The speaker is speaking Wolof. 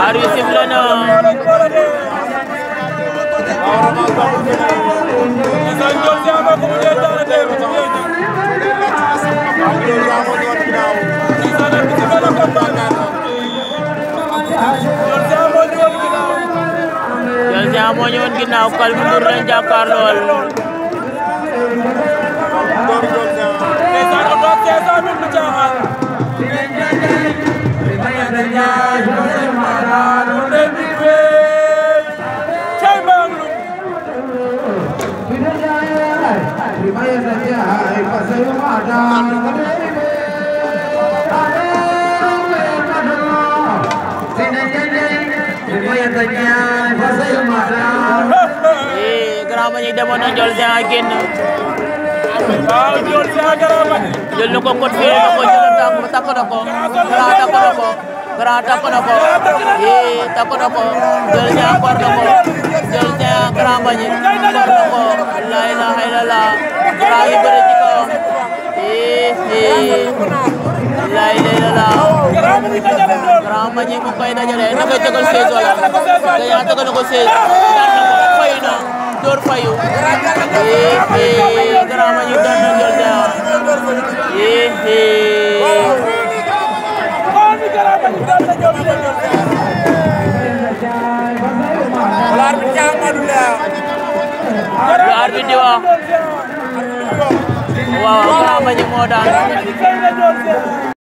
ar yu garaama ñi na Ndiol Géant génn. waaw Ndiol Géant garaama. jël na ko kot fii na ko jël na takk na ko Grand takk na ko Grand na ko yee takk na ko Ndiol Géant kor ko Ndiol Géant garaama Maraming berejiko. Drama ni mo kaya na niya rin. Nagatagal sa ito lang. Kaya ito ka nako sa ito. Kaya na. Door pa yun. Eh, eh. Drama ni Dan ng Jordan. Eh, eh. Ular bincang madulah. waaw Grand Mbagnick moo daan